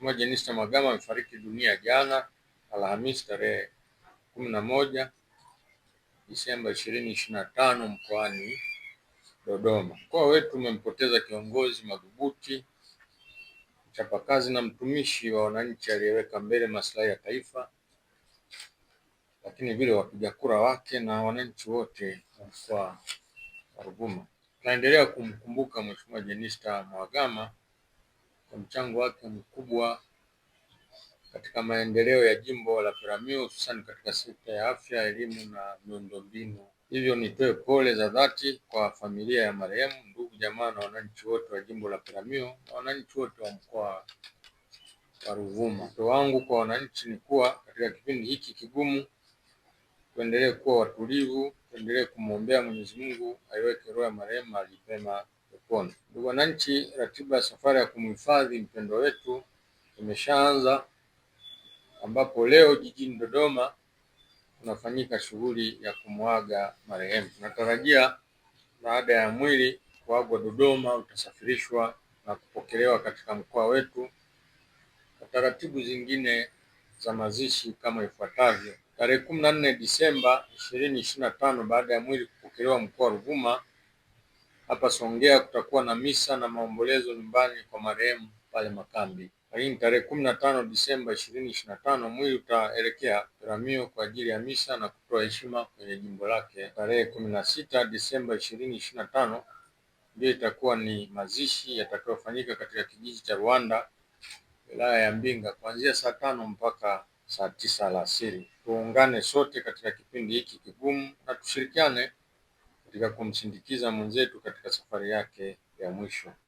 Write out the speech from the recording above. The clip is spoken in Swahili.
Mheshimiwa Jenista Mhagama amefariki dunia jana Alhamisi tarehe kumi na moja Disemba ishirini ishirini na tano mkoani Dodoma. Mkoa wetu umempoteza kiongozi madhubuti, mchapakazi na mtumishi wa wananchi aliyeweka mbele maslahi ya taifa, lakini vile wapiga kura wake na wananchi wote wa mkoa wa Ruvuma. Tunaendelea kumkumbuka Mheshimiwa Jenista Mhagama kwa mchango wake mkubwa katika maendeleo ya jimbo la Peramiho hususani katika sekta ya afya, elimu na miundombinu. Hivyo nitoe pole za dhati kwa familia ya marehemu, ndugu, jamaa na wananchi wote wa jimbo la Peramiho na wananchi wote wa mkoa wa Ruvuma. Wito wangu kwa wananchi ni kuwa katika kipindi hiki kigumu, tuendelee kuwa watulivu, tuendelee kumwombea Mwenyezi Mungu aiweke roho ya marehemu mahali pema mkono. Ndugu wananchi, ratiba ya safari ya kumhifadhi mpendwa wetu imeshaanza, ambapo leo jijini Dodoma kunafanyika shughuli ya kumwaga marehemu. Tunatarajia baada ya mwili kuagwa Dodoma utasafirishwa na kupokelewa katika mkoa wetu kwa taratibu zingine za mazishi kama ifuatavyo. Tarehe kumi na nne Disemba ishirini ishirini na tano baada ya mwili kupokelewa mkoa wa Ruvuma hapa Songea kutakuwa na misa na maombolezo nyumbani kwa marehemu pale Makambi. Lakini tarehe kumi na tano Disemba ishirini ishirini na tano mwili utaelekea Peramiho kwa ajili ya misa na kutoa heshima kwenye jimbo lake. Tarehe kumi na sita Disemba ishirini ishirini na tano ndio itakuwa ni mazishi yatakayofanyika katika kijiji cha rwanda wilaya ya Mbinga kuanzia saa tano mpaka saa tisa alasiri. Tuungane sote katika kipindi hiki kigumu na tushirikiane katika kumsindikiza mwenzetu katika safari yake ya mwisho.